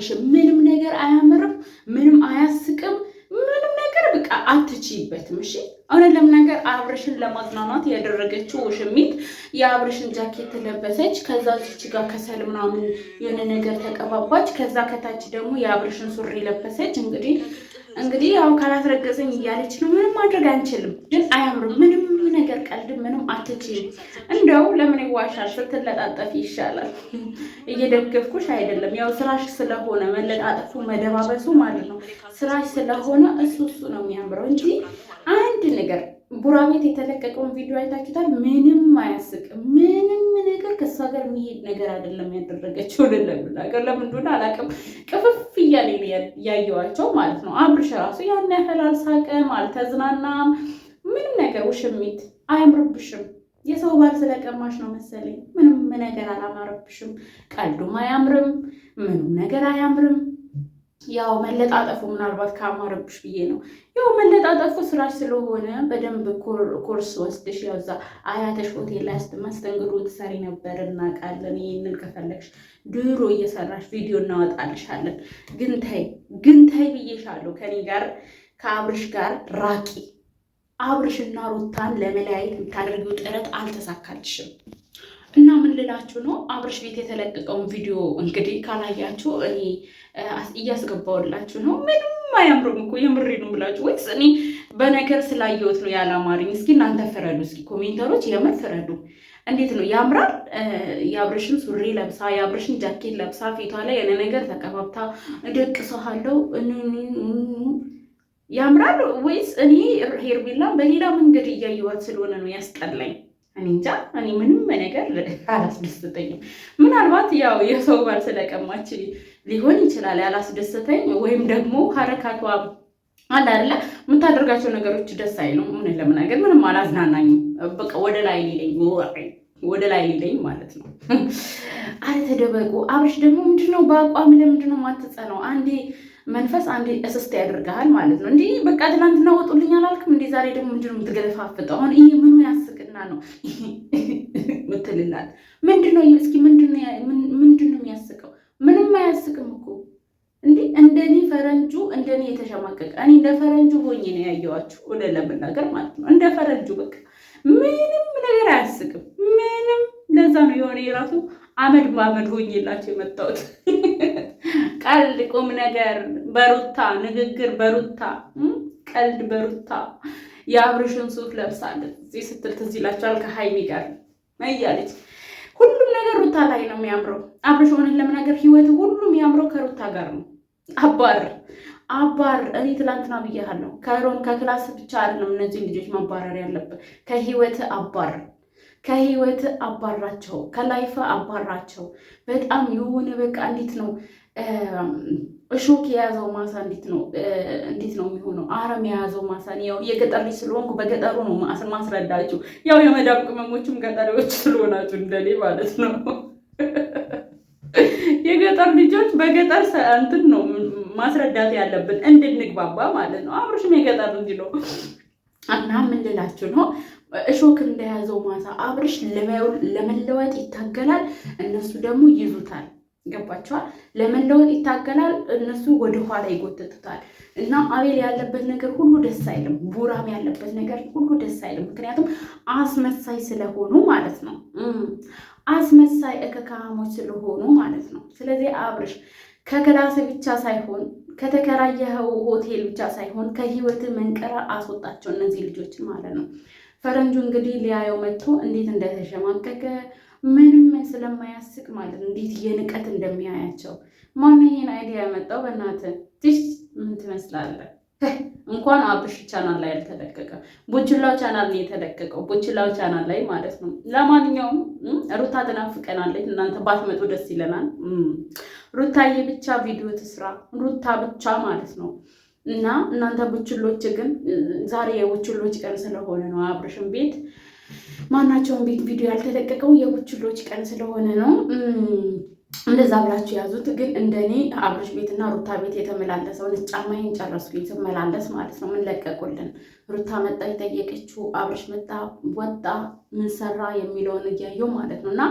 አልልሽም። ምንም ነገር አያምርም፣ ምንም አያስቅም፣ ምንም ነገር በቃ አትችይበትም። እሺ እውነት ለምናገር አብርሽን ለማዝናናት ያደረገችው ውሽሚት የአብርሽን ጃኬት ለበሰች። ከዛ ዚች ጋር ከሰል ምናምን የሆነ ነገር ተቀባባች። ከዛ ከታች ደግሞ የአብርሽን ሱሪ ለበሰች። እንግዲህ እንግዲህ አሁን ካላስረገዘኝ እያለች ነው። ምንም ማድረግ አንችልም፣ ግን አያምርም። ምንም ነገር ቀልድ ምንም አትችልም። እንደው ለምን ይዋሻል? ስትለጣጠፍ ይሻላል። እየደገፍኩሽ አይደለም፣ ያው ስራሽ ስለሆነ መለጣጠፉ መደባበሱ ማለት ነው። ስራሽ ስለሆነ እሱ እሱ ነው የሚያምረው እንጂ አንድ ነገር ቡራ ቤት የተለቀቀውን ቪዲዮ አይታችሁታል። ምንም አያስቅም። ምንም ነገር ከእሷ ጋር የሚሄድ ነገር አይደለም ያደረገችው። ለምናገር ለምን እንደሆነ አላውቅም። ቅፍፍ እያለ ያየዋቸው ማለት ነው። አብርሽ ራሱ ያን ያህል አልሳቀም፣ አልተዝናናም። ምንም ነገር ውሽሚት አያምርብሽም። የሰው ባል ስለቀማሽ ነው መሰለኝ። ምንም ነገር አላማረብሽም። ቀልዱም አያምርም፣ ምንም ነገር አያምርም። ያው መለጣጠፉ ምናልባት ከአማረብሽ ብዬ ነው። ያው መለጣጠፉ ስራሽ ስለሆነ በደንብ ኮርስ ወስደሽ ያው እዛ አያተሽ ሆቴል ላይ ስትመስተንግዶ ትሰሪ ነበር እናውቃለን። ይህንን ከፈለግሽ ድሮ እየሰራሽ ቪዲዮ እናወጣልሻለን። ግን ተይ ግን ተይ ብዬሻለሁ። ከኔ ጋር ከአብርሽ ጋር ራቂ። አብርሽና ሩታን ለመለያየት የምታደርጊው ጥረት አልተሳካልሽም እና ምን ልላችሁ ነው። አብርሽ ቤት የተለቀቀውን ቪዲዮ እንግዲህ ካላያችሁ እኔ እያስገባውላችሁ ነው። ምንም አያምርም እኮ የምሬ ነው ብላችሁ ወይስ እኔ በነገር ስላየሁት ነው ያላማረኝ? እስኪ እናንተ ፍረዱ። እስኪ ኮሜንተሮች የምር ፍረዱ። እንዴት ነው ያምራል? የአብርሽን ሱሪ ለብሳ የአብርሽን ጃኬት ለብሳ ፊቷ ላይ የሆነ ነገር ተቀባብታ ደቅ ሰሃለው ያምራል ወይስ እኔ ሄርሜላን በሌላ መንገድ እያየኋት ስለሆነ ነው ያስጠላኝ? እኔ እንጃ እኔ ምንም ነገር አላስደሰተኝም። ምናልባት ያው የሰው ባል ስለቀማች ሊሆን ይችላል ያላስደሰተኝ፣ ወይም ደግሞ ሀረካቷ አለ አይደለ የምታደርጋቸው ነገሮች ደስ አይሉም። እውነት ለመናገር ምንም አላዝናናኝም። በቃ ወደ ላይ ሊለኝ ወደ ላይ ሊለኝ ማለት ነው። አረ ተደበቁ። አብርሽ ደግሞ ምንድነው በአቋም ለምንድነው የማትጸነው? አንዴ መንፈስ አንዴ እስስት ያደርግሃል ማለት ነው። እንዲህ በቃ ትናንትና ወጡልኝ አላልክም እንዴ? ዛሬ ደግሞ ምንድነው የምትገለፋፍጠው? አሁን ይህ ምኑ ያስ ነው ምትልላት። ምንድነው እስኪ ምንድነው የሚያስቀው? ምንም አያስቅም እኮ እንዲ እንደኔ ፈረንጁ እንደኔ የተሸማቀቀ እኔ እንደ ፈረንጁ ሆኜ ነው ያየዋችሁ። ወደ ለመናገር ማለት ነው እንደ ፈረንጁ በቃ ምንም ነገር አያስቅም። ምንም ለዛ ነው የሆነ የራሱ አመድ በአመድ ሆኜላቸው የመጣሁት። ቀልድ ቁም ነገር በሩታ ንግግር በሩታ ቀልድ በሩታ የአብርሽን ሱት ለብሳለች። እዚህ ስትል ትዝ ይላቸዋል ከሀይሚ ጋር እያለች ሁሉም ነገር ሩታ ላይ ነው የሚያምረው። አብርሽ ሆነን ለመናገር ህይወት ሁሉም የሚያምረው ከሩታ ጋር ነው። አባር አባር እኔ ትላንትና ብያለሁ። ከሮም ከክላስ ብቻ አይደለም እነዚህን ልጆች መባረር ያለብን፣ ከህይወት አባር ከህይወት አባራቸው፣ ከላይፈ አባራቸው። በጣም የሆነ በቃ እንዴት ነው እሾክ የያዘው ማሳ እንዴት ነው እንዴት ነው የሚሆነው? አረም የያዘው ማሳ ያው የገጠር ልጅ ስለሆንኩ በገጠሩ ነው ማስረዳችሁ። ያው የመዳብ ቅመሞችም ገጠሪዎች ስለሆናችሁ እንደኔ ማለት ነው። የገጠር ልጆች በገጠር እንትን ነው ማስረዳት ያለብን እንድንግባባ ማለት ነው። አብርሽም የገጠር ልጅ ነው እና ምን ልላችሁ ነው እሾክ እንደያዘው ማሳ አብርሽ ለመለወጥ ይታገላል፣ እነሱ ደግሞ ይዙታል። ገባቸዋል። ለመለወጥ ይታገላል፣ እነሱ ወደ ኋላ ይጎተቱታል። እና አቤል ያለበት ነገር ሁሉ ደስ አይልም፣ ቡራም ያለበት ነገር ሁሉ ደስ አይልም። ምክንያቱም አስመሳይ ስለሆኑ ማለት ነው፣ አስመሳይ እከካሞች ስለሆኑ ማለት ነው። ስለዚህ አብርሽ ከክላስ ብቻ ሳይሆን ከተከራየኸው ሆቴል ብቻ ሳይሆን ከህይወት መንቀራ አስወጣቸው እነዚህ ልጆች ማለት ነው። ፈረንጁ እንግዲህ ሊያየው መጥቶ እንዴት እንደተሸማቀቀ ምንም ስለማያስቅ ማለት እንዴት የንቀት እንደሚያያቸው ማን ይህን አይዲያ ያመጣው? በእናትህ ትሽ ምን ትመስላለህ? እንኳን አብሽ ቻናል ላይ አልተለቀቀ ቡችላው ቻናል ነው የተለቀቀው። ቡችላው ቻናል ላይ ማለት ነው። ለማንኛውም ሩታ ትናፍቀናለች። እናንተ ባትመጡ ደስ ይለናል። ሩታዬ ብቻ ቪዲዮ ትስራ፣ ሩታ ብቻ ማለት ነው። እና እናንተ ቡችሎች ግን ዛሬ የቡችሎች ቀን ስለሆነ ነው አብርሽን ቤት ማናቸውም ቤት ቪዲዮ ያልተለቀቀው የቡችሎች ቀን ስለሆነ ነው። እንደዛ ብላችሁ ያዙት። ግን እንደኔ አብርሽ ቤትና ሩታ ቤት የተመላለሰውን ጫማዬን ጨረስኩኝ። የተመላለስ ማለት ነው። ምን ለቀቁልን? ሩታ መጣ የጠየቀችው አብርሽ መጣ ወጣ ምን ሰራ የሚለውን እያየው ማለት ነው። እና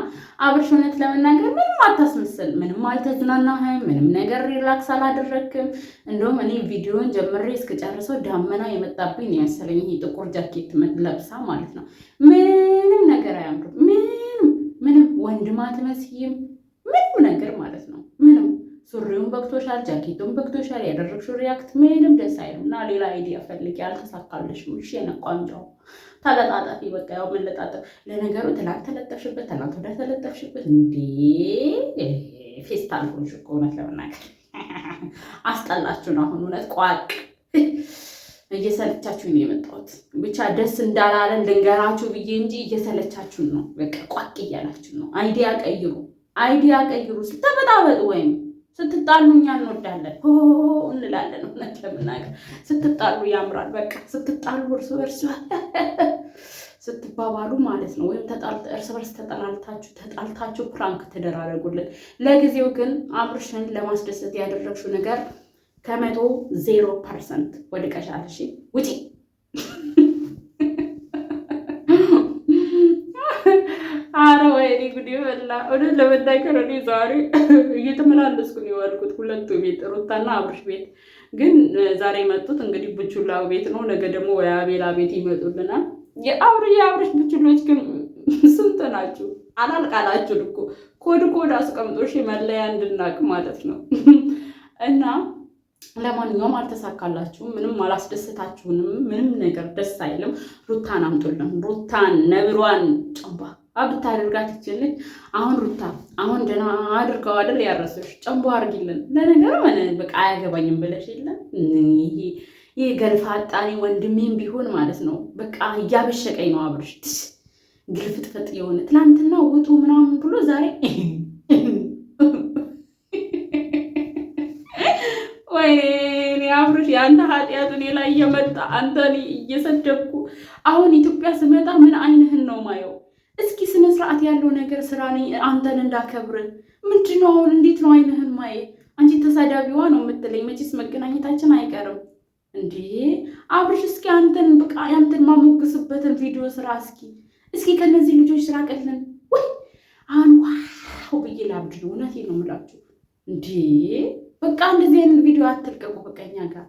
አብርሽ እውነት ለመናገር ምንም አታስ ስል ምንም አልተዝናናህም፣ ምንም ነገር ሪላክስ አላደረግክም። እንደውም እኔ ቪዲዮን ጀምሬ እስከጨርሰው ዳመና የመጣብኝ ያሰለኝ ይሄ ጥቁር ጃኬት ለብሳ ማለት ነው። ምንም ነገር አያምርም። ምንም ምንም ወንድም አትመስይም። ምንም ነገር ማለት ነው። ምንም ሱሪውን በግቶሻል፣ ጃኬቱን በግቶሻል። ያደረግሽው ሪያክት ምንም ደስ አይልም እና ሌላ አይዲያ ፈልጊ። አልተሳካለሽም። እሺ የነቋንጫው ተለጣጠፊ በቃ ያው መለጣጠፍ። ለነገሩ ትናንት ተለጠፍሽበት፣ ትናንት ወዲያ ተለጠፍሽበት። እንዴ ፌስታል ሆንሽ እኮ እውነት ለመናገር አስጠላችሁን። አሁን እውነት ቋቅ እየሰለቻችሁ ነው የመጣሁት። ብቻ ደስ እንዳላለን ልንገራችሁ ብዬ እንጂ እየሰለቻችሁን ነው። በቃ ቋቅ እያላችሁ ነው። አይዲያ ቀይሩ፣ አይዲያ ቀይሩ፣ ስተበጣበጡ ወይም ስትጣሉ እኛ እንወዳለን እንላለን። እውነት ለምናገር ስትጣሉ ያምራል። በቃ ስትጣሉ እርስ በርስ ስትባባሉ ማለት ነው። ወይም እርስ በርስ ተጠላልታችሁ ተጣልታችሁ ፕራንክ ተደራረጉልን። ለጊዜው ግን አብርሽን ለማስደሰት ያደረግሽው ነገር ከመቶ ዜሮ ፐርሰንት ወድቀሻል። እሺ ውጪ አረ በላ እውነት ለመናገር እኔ ዛሬ እየተመላለስኩ ነው የዋልኩት ሁለቱ ቤት ሩታና አብርሽ ቤት። ግን ዛሬ የመጡት እንግዲህ ብቹላው ቤት ነው። ነገ ደግሞ ወይ አቤላ ቤት ይመጡልናል። የአብር የአብርሽ ብቹሎች ግን ስንት ናችሁ? አላልቃላችሁ እኮ ኮድ ኮድ አስቀምጦሽ መለያ እንድናቅ ማለት ነው እና ለማንኛውም አልተሳካላችሁም። ምንም አላስደሰታችሁንም። ምንም ነገር ደስ አይልም። ሩታን አምጡልን። ሩታን ነብሯን ጭንባ ብታደርጋት ይችልኝ። አሁን ሩታ አሁን ደህና አድርገው አድር ያረሰሽ ጨንቦ አድርጊልን። ለነገሩ በቃ አያገባኝም ብለሽ የለን ይህ ገልፋጣኔ ወንድሜም ቢሆን ማለት ነው በቃ እያበሸቀኝ ነው። አብርሽ ግልፍጥፍጥ የሆነ ትላንትና ውጡ ምናምን ብሎ ዛሬ ወይ አብርሽ የአንተ ኃጢአት እኔ ላይ እየመጣ አንተ እየሰደብኩ አሁን ኢትዮጵያ ስመጣ ምን አይንህን ነው ማየው? እስኪ ስነ ስርዓት ያለው ነገር ስራ አንተን እንዳከብር ምንድን ነው አሁን? እንዴት ነው አይንህን ማየት? አንቺ ተሳዳቢዋ ነው የምትለኝ? መቼስ መገናኘታችን አይቀርም እንዴ አብርሽ። እስኪ አንተን በቃ አንተን ማሞግስበትን ቪዲዮ ስራ እስኪ እስኪ ከነዚህ ልጆች ስራ ቀልን ወይ አሁን ዋው ብዬ ላብድ ነው። እውነቴን ነው የምላችሁ እንዴ በቃ እንደዚህ አይነት ቪዲዮ አትልቀቁ በቀኛ ጋር